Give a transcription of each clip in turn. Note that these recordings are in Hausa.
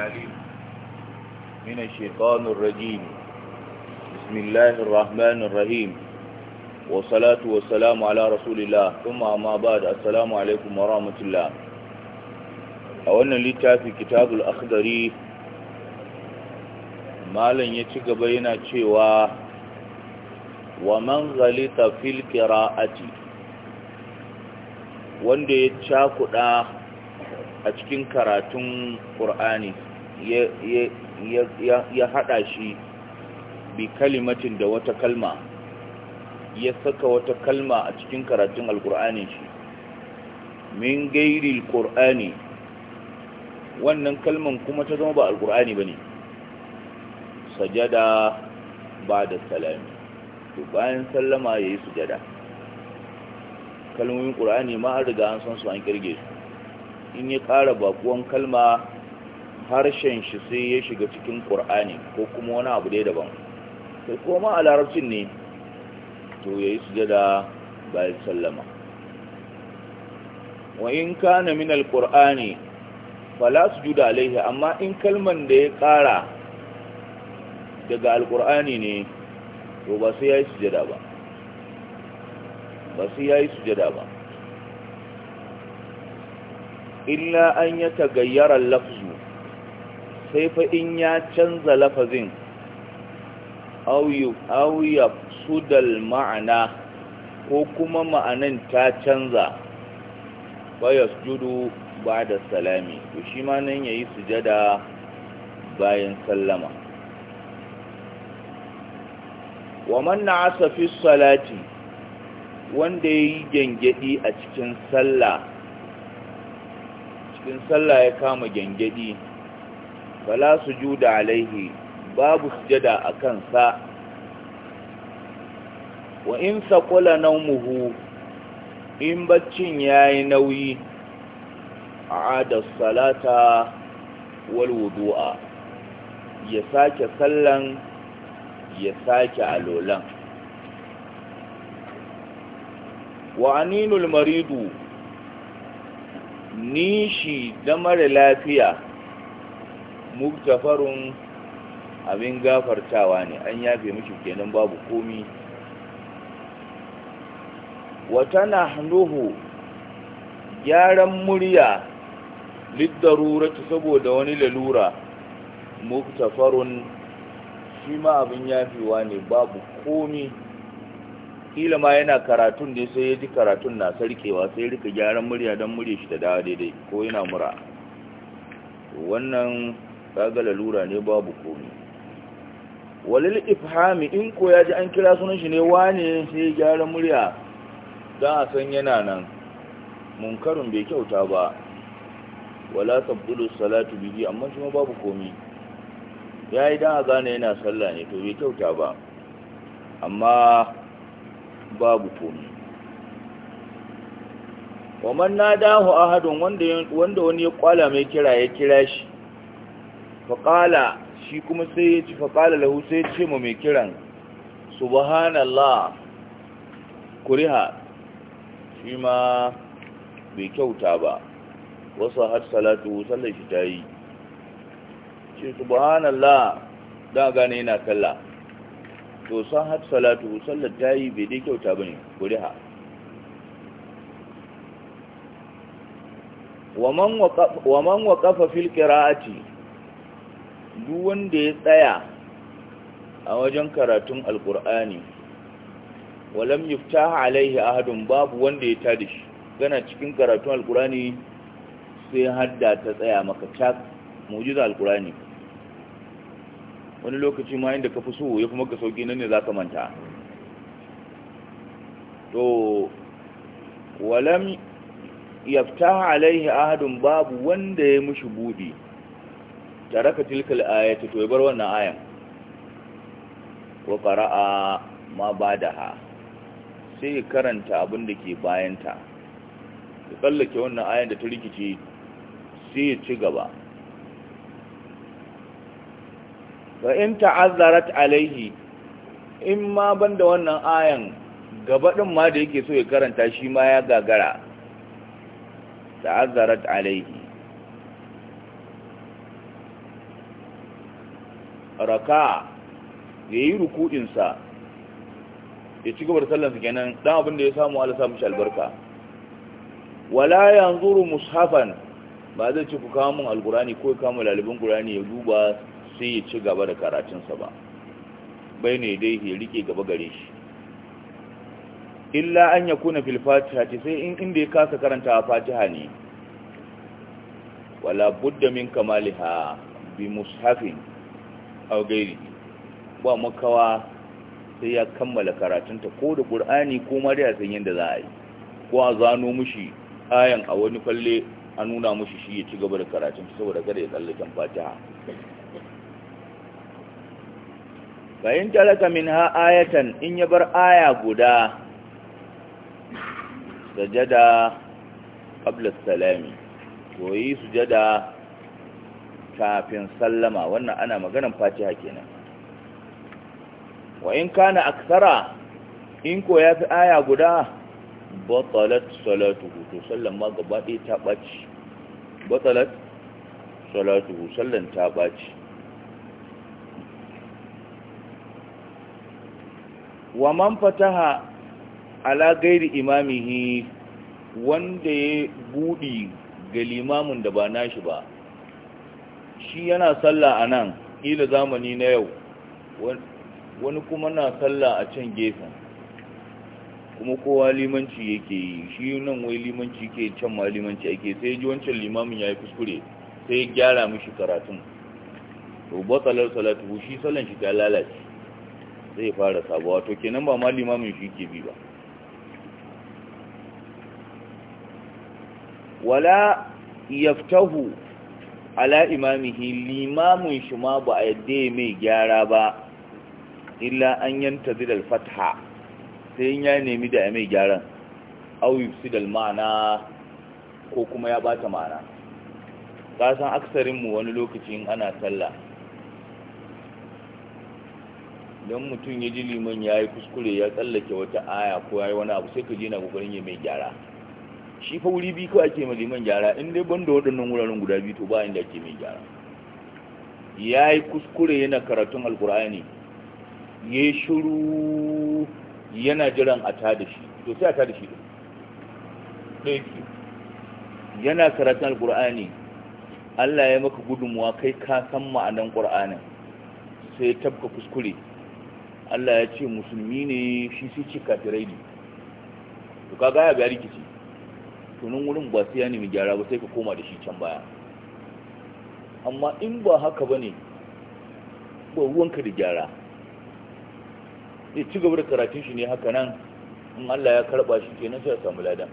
العليم من الشيطان الرجيم بسم الله الرحمن الرحيم والصلاة والسلام على رسول الله ثم أما بعد السلام عليكم ورحمة الله أولا لتافي كتاب الأخضري ما لن يتشك بينا شيوا ومن غلط في القراءة wanda ya cakuɗa a cikin karatun ƙur'ani ya haɗa shi bi kalimatin da wata kalma ya saka wata kalma a cikin karatun alkur'anin shi min gairi alkur'ani wannan kalman kuma ta zama ba alkur'ani ba ne sajada ba da salami to bayan sallama ya yi sujada kalmomin ƙur'ani ma an riga an san su an ƙirge su in ya ƙara bakuwan kalma harshen shi sai ya shiga cikin ƙur'ani ko kuma wani abu dai daban sai kuma a larabcin ne to ya yi sujada bayan sallama wa in kana min alƙur'ani fala sujuda alaihi amma in kalman da ya ƙara daga alƙur'ani ne to ba sai ya yi sujada ba ba sai ya yi sujada ba illa an ya tagayyara lafzu sai fa in ya canza lafazin auya sudal ma'ana ko kuma ma'anin ta canza bayas judu ba da salami to shi ma nan ya yi sujada bayan sallama wa manna asafi salati wanda ya yi gyangyaɗi a cikin sallah cikin sallah ya kama gyangyaɗi fala da alaihi babu sujada a kansa wa in saƙula naumuhu in baccin ya yi nauyi a adar salata walwudu'a ya sake sallan ya sake alolan wa aninul maridu nishi da mara lafiya muktafarun abin gafartawa ne an yafe miki kenan babu komi wata na gyaran murya liddaruratu saboda wani lalura muktafarun shi ma abin yafewa ne babu komi kila ma yana karatun ne sai ya ji karatun na sarkewa sai rika gyaran murya don murya shi da dawa daidai ko yana mura wannan kaga lalura ne babu komi walil ifhami in ko ya ji an kira sunan shi ne wane sai gyara murya don a san yana nan munkarin bai kyauta ba wala tabdulu salatu bihi amma shi babu komi yayi don a gane yana sallah ne to bai kyauta ba amma babu komi wa man nadahu ahadun wanda wanda wani ya kwala mai kira ya kira shi faƙala shi kuma sai ya ci faƙala lahu sai ya ce ma mai kiran subhanallah kuriha shi ma bai kyauta ba wasu har salatu sallar shi ta yi ce subhanallah a gane yana kalla to san har salatu sallar ta yi bai dai kyauta ba ne kuriha waman waƙafa fil ƙira'ati duk wanda ya tsaya a wajen karatun alkur'ani walam yuftaha alaihi ahadun babu wanda ya tada shi gana cikin karatun alkur'ani sai hadda ta tsaya maka tak mujiza alkur'ani wani lokaci ma inda ka fi so ya fi maka sauki nan ne za ka manta to walam yaftaha alaihi ahadun babu wanda ya mushi buɗi taraka tilkal ayatu to bar wannan ayan wa qara'a ma badaha sai karanta abin da ke bayanta ya tsallake wannan ayan da ta rikice sai ya ci gaba fa in ta'azzarat alaihi in ma banda wannan ayan gaba din ma da yake so ya karanta shi ma ya gagara ta'azzarat alaihi raka ya yi rukudinsa ya ci gaba da sallansa kenan dan abin da ya samu ala samu shi albarka wala yanzuru mushafan ba zai ci ku kawo min alkurani ko kama lalibin kurani ya duba sai ya ci gaba da karatunsa ba bai ne dai ya rike gaba gare shi illa an ya kuna fil fatiha ce sai in inda ya kasa karanta fatiha ne wala budda min kamaliha bi mushafin aw ba makawa sai ya kammala karatunta ko da ƙur'ani ko ma da san yanda za a yi ko a zano mushi ayan a wani falle a nuna mushi shi ya ci gaba da karatun saboda kada ya tsallaken fatiha bayan talaka min ha ayatan in ya bar aya guda sajada qabla salami to yi sujada kafin sallama wannan ana maganan fatiha kenan wa in kana aksara in ko ya fi aya guda batalat salatuhu to sallan ma gaba ɗaya ta ɓaci batalat salatuhu sallan ta ɓaci wa man fataha ala gairi imamihi wanda ya buɗi ga limamin da ba nashi ba shi yana sallah a nan ila zamani na yau wani kuma na sallah a can gefen kuma kowa limanci yake yi shi nan wai limanci ke can ma limanci ake sai ji wancan limamin ya yi kuskure sai ya gyara mishi karatun to batsalar salatu shi sallan shi ta lalace zai fara sabuwa to kenan ba ma limamin shi ke bi ba wala yaftahu ala imamihi limamin shi ma ba a yadda mai gyara ba illa an yanta zidal fatha sai ya nemi da ya mai gyaran auyuf sidal ma'ana ko kuma ya bata ma'ana kasan aksarinmu wani lokacin ana sallah don mutum ya ji liman ya yi kuskure ya tsallake wata aya ko ya yi wani abu sai ka ji na kokarin ya mai gyara shi fa wuri biyu kawai ake liman gyara in dai banda waɗannan wuraren guda biyu to ba inda ake mai gyara ya yi kuskure yana karatun alkur'ani ya yi shiru yana jiran a ta da shi to sai a ta da shi ɗaya yana karatun alkur'ani allah ya maka gudunmuwa kai ka san ma'anan ƙur'anin sai ya tabka kuskure allah ya ce musulmi ne shi sai ce kafirai ne to kaga ya ga rikici tunan wurin ba sai ya nemi gyara ba sai ka koma da shi can baya amma in ba haka ba ne ba ruwanka da gyara ya ci gaba da karatun shi ne haka nan in Allah ya karɓa shi ke nan shi ya samu ladan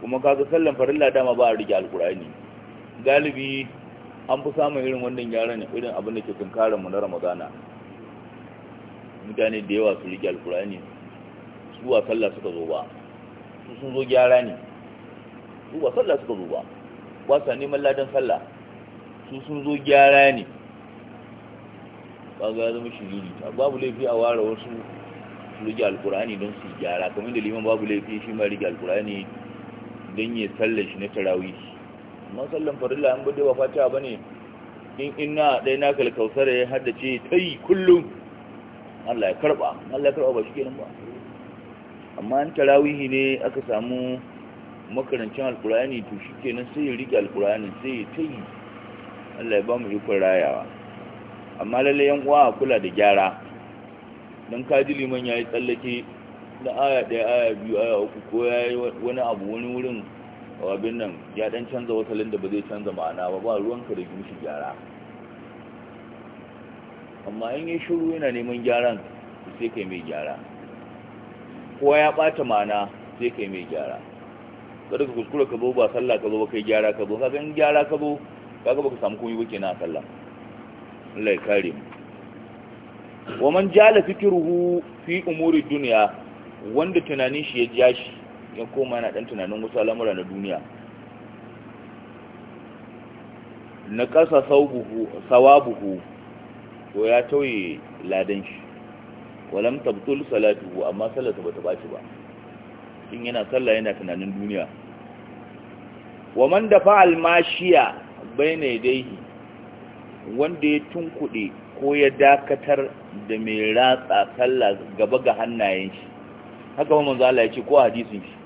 kuma kaga sallan lada ma ba a rike alkurani galibi an fi samun irin wannan gyaran irin abin da ke tunkarar mu na ramadana mutane da yawa su rike alkurani su a sallah suka zo ba su sun zo gyara ne su ba sallah suka zo ba ba sa neman ladan sallah su sun zo gyara ne ga ya zama shiriri ta babu laifi a ware wasu su rige alkur'ani don su gyara kamar da liman babu laifi shi ma rige alkur'ani don ya sallah shi na tarawi. amma sallan farilla an bude ba fata ba ne in ina ɗaya na kalkausar ya haddace ta yi kullum Allah ya karɓa Allah ya karɓa ba shi kenan ba amma an tarawihi ne aka samu makarancin alkur'ani to shi kenan sai ya rike alkur'ani sai ya ta yi allah ya ba mu ikon rayawa amma lalle yan uwa a kula da gyara don kaji liman ya yi tsallake na aya ɗaya aya biyu aya uku ko ya yi wani abu wani wurin abin nan ya ɗan canza wasalin da ba zai canza ma'ana ba ba ruwanka da shi gyara amma in yi shiru yana neman gyaran sai kai mai gyara kowa ya ɓata mana sai kai mai gyara kada ka kuskura ka zo ba sallah ka zo ba kai gyara ka zo ka san gyara ka zo ga baka samu komai ba kenan sallah Allah ya kare mu wa man jala fikruhu fi umuri dunya wanda tunanin shi ya ja shi ya koma yana dan tunanin wasu al'amura na duniya na kasa sawabuhu ko ya tauye ladan shi walam tabtul salatuhu amma salatu bata baci ba in yana sallah yana tunanin duniya wa man dafa almashiya baina yadayhi wanda ya tunkuɗe ko ya dakatar da mai ratsa sallah gaba ga hannayen shi haka kuma manzo Allah ya ce ko hadisin shi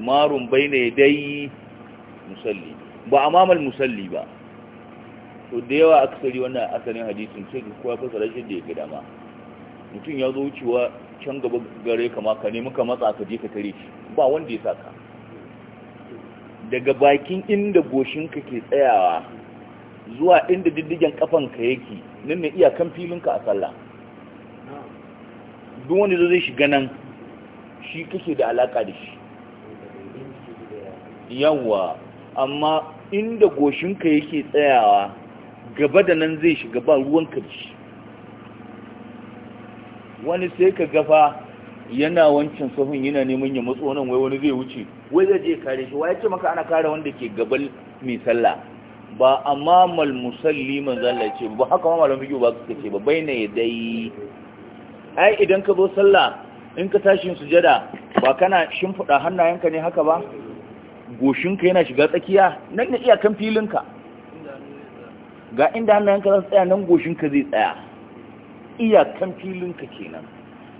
marun baina yadayhi musalli ba amamal musalli ba to da yawa aksari wannan asalin hadisin sai ko ya fasara shi da ya ga dama mutum ya zo wucewa can gaba gare kama ka nemi ka matsa ka je ka tare shi ba wanda ya saka daga bakin inda goshinka ke tsayawa zuwa inda diddigen kafanka yake nan ne iyakan ka a sallah duk wanda zai shiga nan shi kake da alaka da shi yawa amma inda goshinka yake tsayawa gaba da nan zai shiga ba ruwan shi wani sai ka gafa yana wancan sahun yana neman ya matso nan wai wani zai wuce wai zai je kare shi wai ce maka ana kare wanda ke gaban mai sallah ba amma mal musalli manzo Allah ce ba haka ma malamin fiqh ba suka ce ba baina yadai ai idan ka zo sallah in ka tashi sujada ba kana shimfida hannayenka ne haka ba goshinka yana shiga tsakiya nan ne iyakan filinka ga inda hannayenka za su tsaya nan goshinka zai tsaya iyakan filinka kenan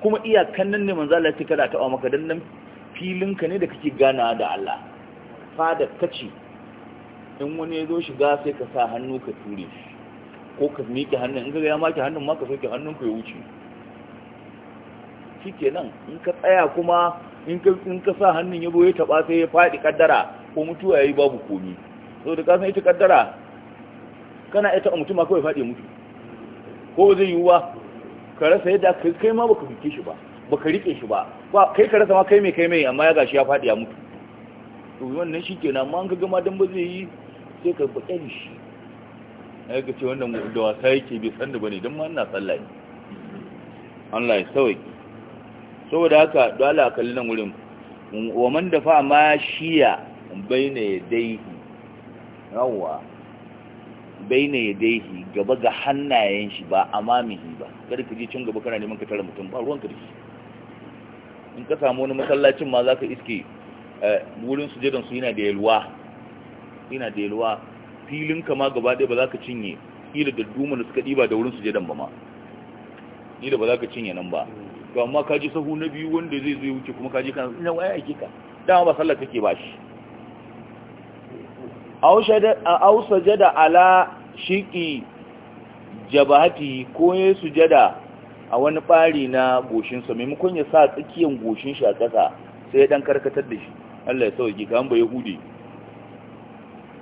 kuma iyakan nan ne manzo Allah ya kada ta ba maka dan nan filinka ne da kake gana da Allah fada kace in wani ya zo shiga sai ka sa hannu ka ture shi ko ka miƙe hannun in ga ya maki hannun ma ka soke hannun ka ya wuce shikenan in ka tsaya kuma in ka in ka sa hannun ya boye taba sai ya fadi kaddara ko mutuwa yayi babu komi saboda da kasan ita kaddara kana ita mutum ma kawai fadi mutu ko zai yiwuwa ka rasa yadda kai ma baka fike shi ba baka rike shi ba ba kai ka rasa ma kai mai kai mai amma ya gashi ya faɗi ya mutu to wannan shi kenan amma an ka gama dan ba zai yi sai ka baƙe shi ai ga ce wannan da wasa yake bai san da bane dan ma ina sallah ne Allah ya sauke saboda haka dole a kalli nan wurin wa man dafa ma shiya bayna yadayhi yawwa baina yadaihi gaba ga hannayen shi ba amamihi ba kada ka je cin gaba kana neman ka tara mutum ba ruwan shi in ka samu wani masallacin ma zaka iske eh, wurin sujadan su yana da yalwa yana da yalwa filin ka ma gaba ɗaya ba za ka cinye kila da duma da suka ɗiba da wurin sujadan ba ma da ba za ka cinye nan ba to amma ka ji sahu na biyu wanda zai zo wuce kuma ka ji kana ina waya ake ka dama ba sallah kake ba shi ausa sajada ala shiki jabahati ko ya sujada a wani bari na goshinsa maimakon ya sa tsakiyan goshin shi a ƙasa sai ya dan karkatar da shi Allah ya sauke kan hude yahudi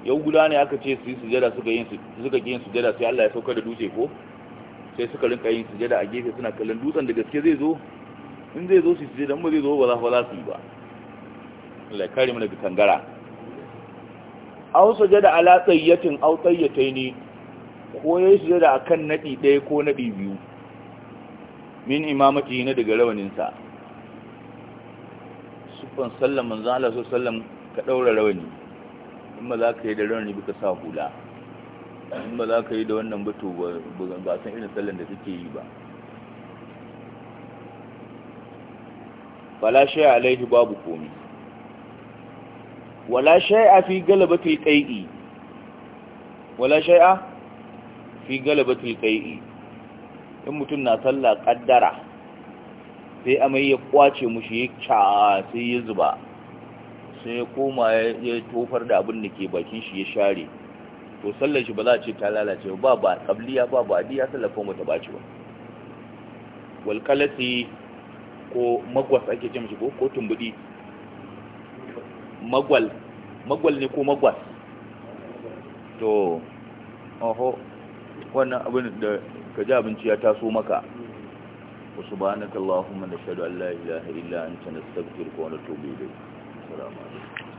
yahuda ne aka ce su yi sujada suka yin suka yin sujada sai Allah ya sauka da dutse ko sai suka rinka yin sujada a gefe suna kallon dutsen da gaske zai zo in zai zo su sujada ba zai zo ba za su yi ba Allah ya kare mu daga kangara aw sujada ala tsayyatin aw tsayyataini ko yayi sujada akan nadi daya ko nadi biyu min imamati na daga rawanin sa sufan sallan manzo Allah sallam ka daura rawani in ba za ka yi da rawani ka sa hula in ba za ka yi da wannan ba ba san irin sallan da suke yi ba fala shay alaihi babu komi wala fi galabatil qai'i wala shay'a in mutum na sallah ƙaddara, sai amai ya kwace mushi ya ca sai ya zuba sai ya koma ya tofar da abin da ke bakin shi ya share to sallar shi ba za a ce ta lalace ba ba qabliya ba ba ya sallar mu ta baci ba wal ko magwas ake ce mashi ko ko tumbudi magwal magwal ne ko magwal to oho wannan abin da ka ji abinci ya taso maka wa subhanaka allahumma nashhadu an la ilaha illa anta nastaghfiruka wa natubu ilayk assalamu alaikum